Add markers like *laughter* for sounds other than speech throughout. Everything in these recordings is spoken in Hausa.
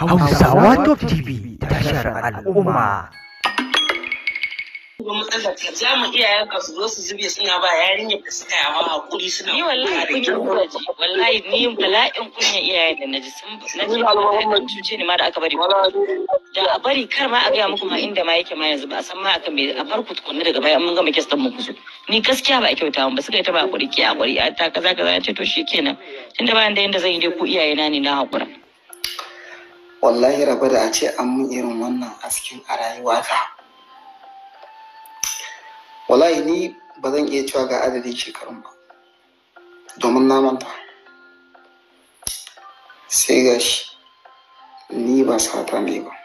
Hausawa Top TV tashar al'umma. Ga matsalar ka ja mu iyayen ka su zo su zube suna ba yarinya ka suka yi a hakuri suna Ni wallahi kunya kuka ji wallahi ni bala'in kunya iyayen da naji sun naji bala'in cuce ne ma da aka bari da a bari kar ma a gaya muku ma inda ma yake ma yanzu ba a san ma akan me a bar ku tukunna daga baya mun gama kistan mu kuzo ni gaskiya ba a kyauta mun ba suka yi ta ba hakuri ki hakuri ta kaza kaza ya ce to shikenan tunda ba da yanda zan yi dai ku iyayena ne na haƙura. wallahi raba da a ce an mun irin wannan askin a rayuwa ta. wallahi ni ba zan iya cewa ga adadin shekarun ba domin na manta sai ga shi ni ba sata ne ba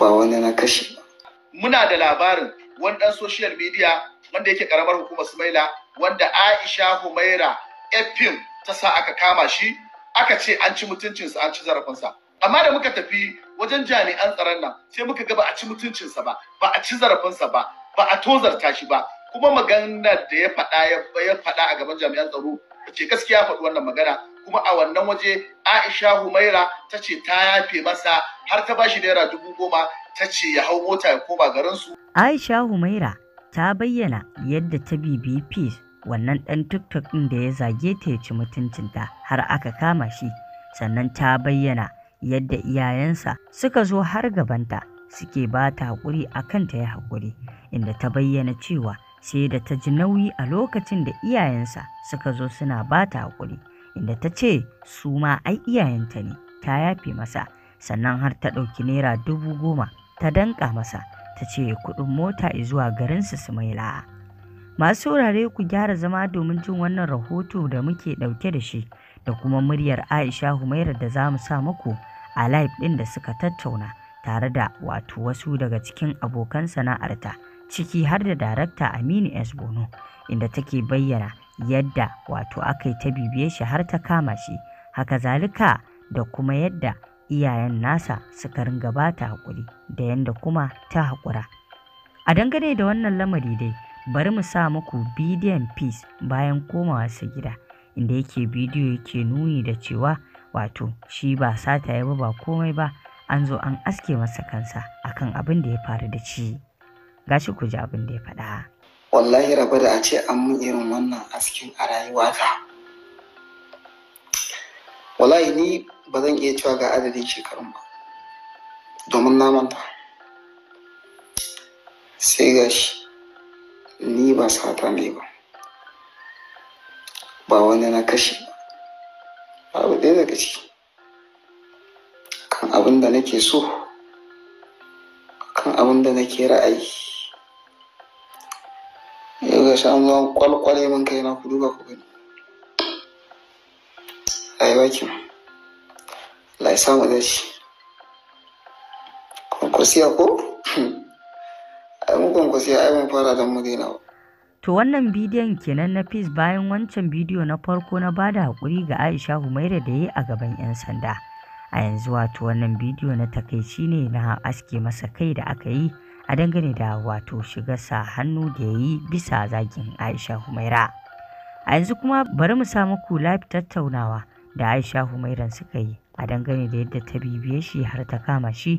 ba wani na kashe ba muna da labarin wani dan social media wanda yake karamar hukumar sumaila wanda aisha humaira fm ta sa aka kama shi aka ce an ci mutuncinsa an ci zarafinsa amma da muka tafi wajen jami'an tsaron nan sai muka ga ba a ci mutuncinsa ba ba a ci zarafinsa ba ba a tozarta shi ba kuma maganar da ya faɗa ya faɗa a gaban jami'an tsaro ce gaskiya faɗi wannan magana kuma a wannan waje Aisha Humaira ta ce ta yafe masa har ta bashi naira dubu goma ta ce ya hau mota ya koma garinsu. Aisha Humaira ta bayyana yadda ta bibi Peace wannan ɗan tiktok ɗin da ya zage ta ya ci mutuncinta har aka kama shi sannan ta bayyana yadda iyayensa suka zo har gabanta suke ba ta haƙuri a kanta yi haƙuri inda ta bayyana cewa sai da ta ji nauyi a lokacin da iyayensa suka zo suna ba ta haƙuri inda ta ce su ma ai iyayenta ne ta yafe masa sannan har ta ɗauki naira dubu goma ta danƙa masa ta ce kuɗin mota zuwa garinsu su mai la'a Masu saurare ku gyara zama domin jin wannan rahoto da muke ɗauke da shi da kuma muryar Aisha Humaira da za mu sa muku a live ɗin da suka tattauna tare da wato wasu daga cikin abokan sana'arta ciki har da darakta Aminu S. Bono inda take bayyana yadda wato aka yi ta bibiye shi har ta kama shi haka zalika da kuma yadda iyayen nasa suka ringa ba ta haƙuri da yadda kuma ta haƙura. A dangane da wannan lamari dai Bari mu sa muku bidiyon Peace" bayan komawarsa gida, inda yake bidiyo yake nuni da cewa wato shi ba sata ya ba ba komai ba an zo an aske masa kansa akan abin da ya faru da shi. Gashi ku ji abin da ya faɗa. Wallahi raba da a ce an mun irin wannan askin a rayuwata. Wallahi ni ba zan iya cewa ga adadin shekarun ba. Domin na manta. Sai gashi. ni ba sata ne ba ba wani na kashe ba abu ɗaya daga ciki kan abin da nake so kan abin da nake ra'ayi yau ga shan zuwan kwalkwale min kai na kudu ba ku gani rayuwa ki Allah ya samu da shi kwakwasiya ko *laughs* bugun ku sai ai mun fara da mu daina To wannan bidiyon kenan na Peace bayan wancan bidiyo na farko na bada hakuri ga Aisha Humaira da ya yi a gaban 'yan sanda. A yanzu wato wannan bidiyo na takaici ne na aske masa kai da aka yi a dangane da wato shiga sa hannu da ya yi bisa zakin Aisha Humaira. A yanzu kuma bari mu samu ku live tattaunawa da Aisha humaira suka yi a dangane da yadda ta bibiye shi har ta kama shi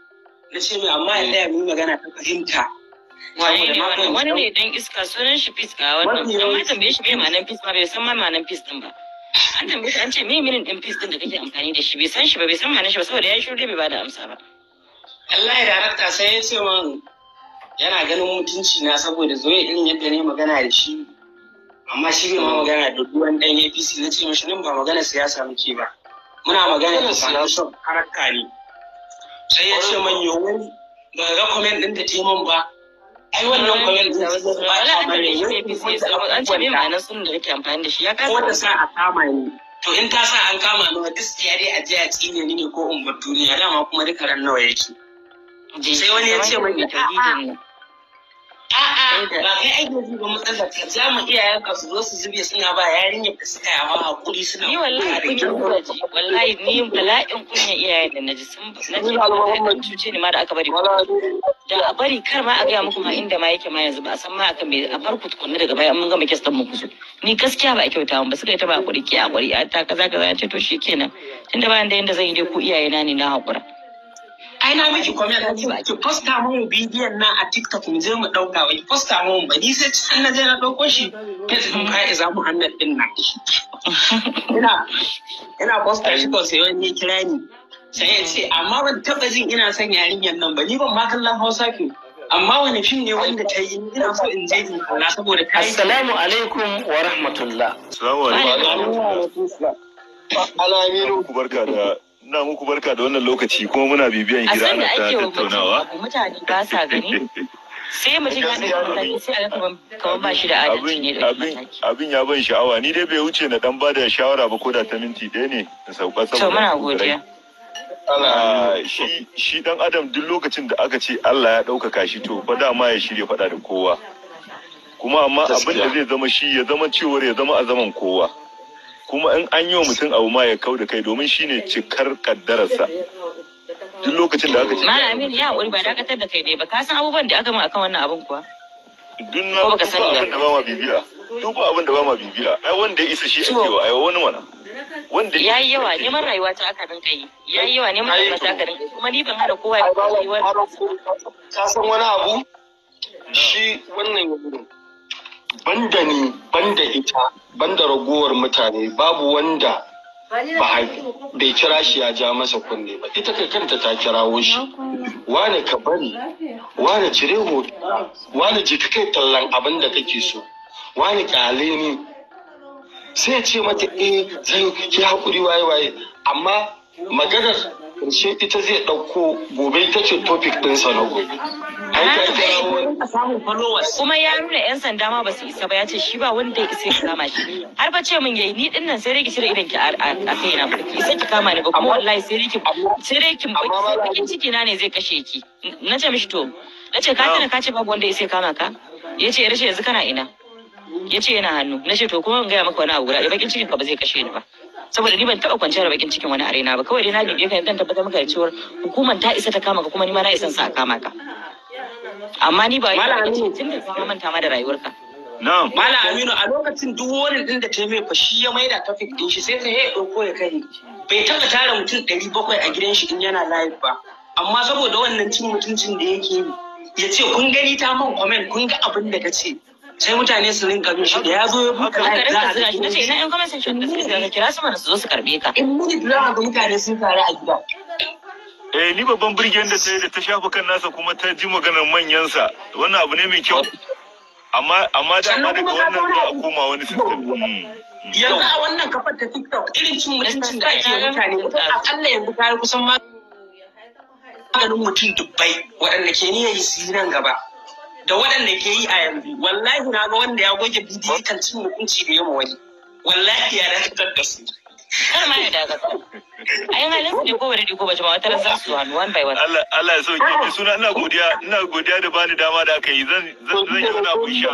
na ce mai amma ya eh. tsaya mai magana ta fahimta wani ne dan iska sunan shi fis ga wannan amma tambaye shi bai ma'anan fis ba bai san ma ma'anan fis din ba an tambaye an ce me minin din fis din da kake amfani da shi bai san shi ba bai san ma'anan shi ba saboda ya shirye bai bada amsa ba Allah ya darakta sai ya ce man yana ganin mutunci na saboda zoye irin yadda ne magana da shi amma shi bai ma magana da duwan dan APC na ce mishi nan ba magana siyasa muke ba muna magana da siyasa harka ne sai ya ce man yo ba ga comment din da teman ba ai wannan comment din ba ya ba ne an ce me ma'anar sun da yake amfani da shi ya kasa ko ta sa a kama ni to in ta sa an kama nawa duk ya dai a je a tsine ni ne ko in bar duniya dama kuma duka ran nawa yake sai wani ya ce man ya A'a ba kai ake ji ba matsalar ka za mu iyayen ka su zo su zube suna ba yarinyar yadda suka yawa hakuri suna Ni wallahi kunya kuka ji wallahi ni bala'in kunya iyayen da na naji sun naji ba cuce ne ma da aka bari da a bari kar ma a gaya muku ma inda ma yake ma yanzu ba a san ma a kan me a bar ku daga baya mun gama kistan mu kuzo ni gaskiya ba a kyauta ba suka yi ta ba hakuri ki hakuri ta kaza kaza ya ce to shikenan tunda ba da yanda zan yi dai ku iyayena ne na hakura aina miki comment na ce ki posta mun bidiyon na a TikTok mu je mu dauka wai posta mun ba ni sai cikin na je na dauko shi Facebook mu Muhammad din na ina ina posta shi ko sai wani kira ni sai ya ce amma ban taba jin ina son yarinyar nan ba ni ban ma kallon Hausa ke. amma wani fim ne wanda ta yi ina so in je ni kalla saboda kai. assalamu alaikum wa rahmatullah assalamu alaikum wa rahmatullah alaikum barka da na muku barka da wannan lokaci kuma muna bibiyan hira ana ta tattaunawa. Mutane ba sa gani. sai mataki sai a ga kamar ba shi da adalci ne da mataki. Abin ya ban sha'awa ni dai bai wuce na dan bada shawara ba ko da ta minti ɗaya ne na sauka saboda. To muna godiya. Ah, shi dan Adam duk lokacin da aka ce Allah ya ɗaukaka shi to fa dama ya shirya faɗa da kowa. Kuma amma abin da zai zama shi ya zama cewar ya zama a zaman kowa. kuma in an yi wa mutum abu ma ya kau da kai domin shi ne cikar kaddararsa duk lokacin da aka ce mana Aminu ya wuri ba dakatar da kai ne ba ka san abubuwan da aka ma akan wannan abin kuwa duk na ba abin da ba ma bibiya duk ba abin da ba ma bibiya ai wanda ya isa shi ake wa ai wani mana wanda ya yi yawa neman rayuwa ta aka rinka yi ya yi yawa neman rayuwa ta aka rinka yi kuma ni ban hada kowa ya kowa ka san wani abu shi wannan yanzu banda ni banda ita banda ragowar mutane babu wanda bai kira shi ya ja masa kunne ba ita kai kanta ta kirawo shi wane ka bari wane cire hoto wane jiki kai tallan abin da kake so wane kyale ni sai ce mata eh zan ki hakuri waye waye amma maganar karshe ita zai ɗauko gobe ita ce topic ɗinsa na gobe. rinka samun followers kuma ya nuna yan sanda ma ba su isa ba ya ce shi ba wanda ya isa ya kama shi har ba ce min yayi ni din nan sai shi cire idan ki a kai na ki sai ki kama ni ba kuma wallahi sai riki sai ba bakin ciki na ne zai kashe ki na ce mishi to na ce ka tana ka ce babu wanda ya sai kama ka ya ce shi yanzu kana ina ya ce yana hannu na ce to kuma in gaya maka wani abu guda bakin cikin ka ba zai kashe ni ba saboda ni ban taba kwanciyar bakin cikin wani arena ba kawai dai na bibiye ka dan tabbatar maka da cewa hukumar ta isa ta kama ka kuma ni ma na isa sa kama ka amma ni ba yi ce tun da ka manta ma da rayuwarka na'am aminu a lokacin duk wani din da ta mefa shi ya maida tafik ɗin shi sai ta ya ɗauko ya kai bai taɓa tara mutum ɗari bakwai a gidan shi in yana live ba amma saboda wannan cin mutuncin da yake yi ya ce kun gani ta man comment kun ga abin da ta ce sai mutane su rinka bin shi da ya zo ya buka za a ga shi na ce ina yan comment section da suke da kira su mana su zo su karbe ka in muni da mutane sun tare a gida eh ni babban birgen da ta da ta shafa kan nasa kuma ta ji maganar manyansa wannan abu ne mai kyau amma amma da amma daga wannan za a koma wani sistem hmm, hmm. yanzu a wannan kafar ta TikTok irin cin mutuncin da ake mutane akalla yanzu ta kusan ma ganin mutum dubbai waɗanda ke niyan yi nan gaba da waɗanda ke yi a yanzu wallahi na ga wanda ya goge bidiyo kan cin mutunci da yamma wani wallahi ya rantar da su kar ma ya daga a yi halin su ne ko bari ko ba wata ran su hannu one by one Allah ya sauke ni suna ina godiya ina godiya da bani dama da aka yi zan zan yi wani abu insha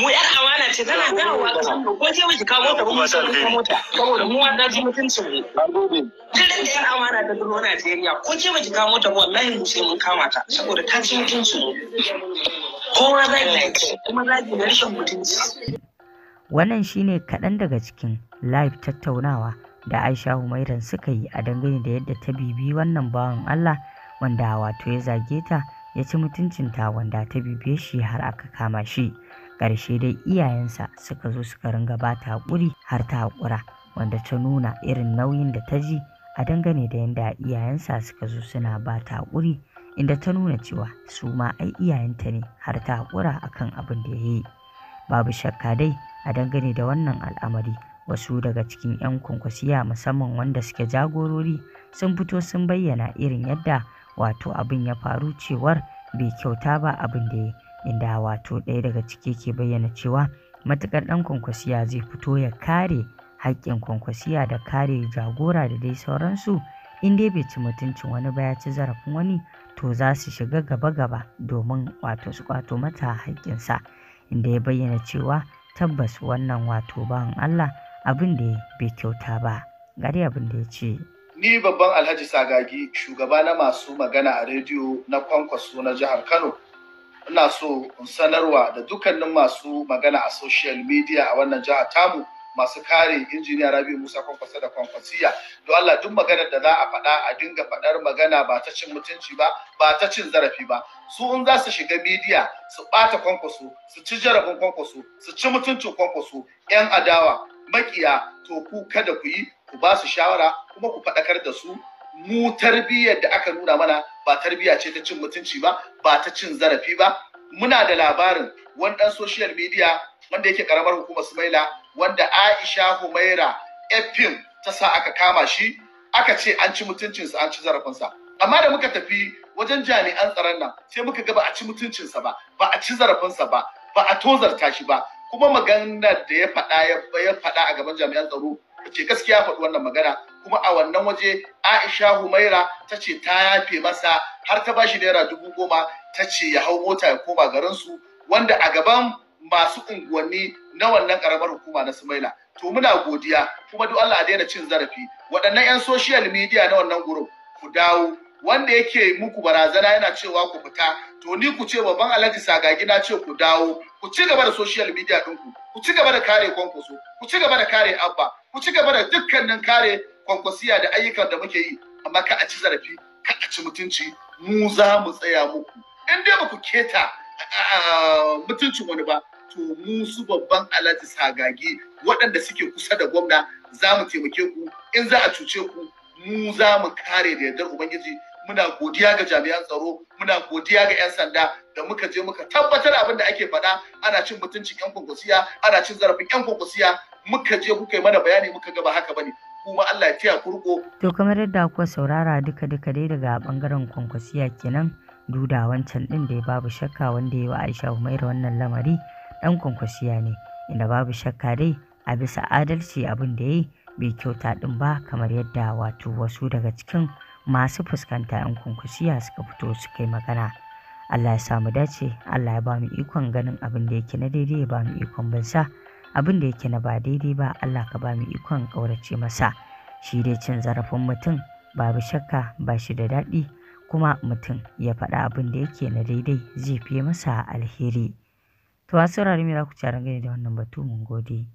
mu yar amana ce tana gawa ko ce miki kawo mota ko mota ko mota saboda mu wanda ji mutuncin mu kullun da yar amana da duro Najeriya ko ce miki kawo mota wallahi mu sai mun kama ta saboda ta ci mutuncin mu kowa zai kuma zai da rashin mutunci wannan shine kaɗan daga cikin live tattaunawa da Aisha Humairan suka yi a dangane da yadda ta bibi wannan bawan Allah wanda wato ya zage ta ya ci mutuncinta wanda ta bibiye shi har aka kama shi. Ƙarshe dai iyayensa suka zo suka ringa ba ta haƙuri har ta haƙura wanda ta nuna irin nauyin da ta ji a dangane da yadda iyayensa suka zo suna ba ta haƙuri inda ta nuna cewa su ma ai iyayenta ne har ta haƙura akan abin da ya yi. Babu shakka dai a dangane da wannan al'amari. Wasu daga cikin 'yan Kwankwasiya musamman wanda suke jagorori sun fito sun bayyana irin yadda wato abin ya faru cewar bai kyauta ba abin da ya inda wato ɗaya daga ciki ke bayyana cewa matuƙar ɗan Kwankwasiya zai fito ya kare haƙƙin Kwankwasiya da kare jagora da dai sauransu in dai bai ci mutuncin wani ba ya ci zarafin wani to za su shiga gaba-gaba domin wato su kwato mata haƙƙinsa inda ya bayyana cewa tabbas wannan wato bawan Allah abin da bai kyauta ba gari abin da ya ce ni babban alhaji sagagi shugaba na masu magana a rediyo na kwankwaso na jihar kano ina so in sanarwa da dukkanin masu magana a social media a wannan jihar tamu masu kare injiniya rabi musa kwankwasa da kwankwasiya don allah duk maganar da za a faɗa a dinga faɗar magana ba ta cin mutunci ba ba ta cin zarafi ba su in za su shiga midiya su ɓata kwankwaso su ci jarabin kwankwaso su ci mutuncin kwankwaso yan adawa makiya to ku kada ku yi ku ba su shawara kuma ku faɗakar da su mu tarbiyyar da aka nuna mana ba tarbiyya ce ta cin mutunci ba ba ta cin zarafi ba muna da labarin wani ɗan social media wanda yake karamar hukumar Sumaila wanda Aisha Humaira Efim ta sa aka kama shi aka ce an ci mutuncinsa an ci zarafinsa amma da muka tafi wajen jami'an tsaron nan sai muka ga ba a ci mutuncinsa ba ba a ci zarafinsa ba ba a tozarta shi ba kuma maganar da ya faɗa ya faɗa a gaban jami'an tsaro ce gaskiya faɗi wannan magana kuma a wannan waje Aisha Humaira ta ce ta yafe masa har ta ba shi naira dubu goma ta ce ya hau mota ya koma garinsu wanda a gaban masu unguwanni na wannan karamar hukuma na Sumaila to muna godiya kuma duk Allah a daina cin zarafi waɗannan 'yan social media na wannan gurin ku dawo wanda yake muku barazana yana cewa ku fita to ni ku ce babban alhaji sagagi na ce ku dawo ku ci gaba da social media ɗinku ku ci gaba da kare kwankwaso ku ci gaba da kare abba ku ci gaba da dukkanin kare kwankwasiya da ayyukan da muke yi amma ka a ci zarafi ka a ci mutunci mu za mu tsaya muku in dai ba ku keta mutuncin wani ba to mu su babban alhaji sagage waɗanda suke kusa da gwamna za mu taimake ku in za a cuce ku mu za mu kare da yardar ubangiji muna godiya ga jami'an tsaro muna godiya ga 'yan sanda da muka je muka tabbatar abin da ake faɗa ana cin mutuncin 'yan kwankwasiya ana cin zarafin 'yan kwankwasiya muka je kuka yi mana bayani muka gaba haka bane kuma Allah ya tiya kurko. To kamar yadda kuka saurara duka duka dai daga bangaren kwankwasiya kenan duda wancan din da ya babu shakka wanda ya yi wa Aisha Humaira wannan lamari ɗan kwankwasiya ne inda babu shakka dai a bisa adalci abin da ya yi bai kyauta ɗin ba kamar yadda wato wasu daga cikin masu fuskanta 'yan kwankwasiya suka fito suka yi magana Allah ya samu dace Allah ya ba mu ikon ganin abin da yake na daidai ya ba mu ikon bansa abin da yake na ba daidai ba Allah ka ba mu ikon ƙaurace masa shi dai cin zarafin mutum babu shakka ba shi da daɗi kuma mutum ya faɗa abin da yake na daidai zai fiye masa alheri To a saurare me za ku ci a dangane da wannan batu mun gode.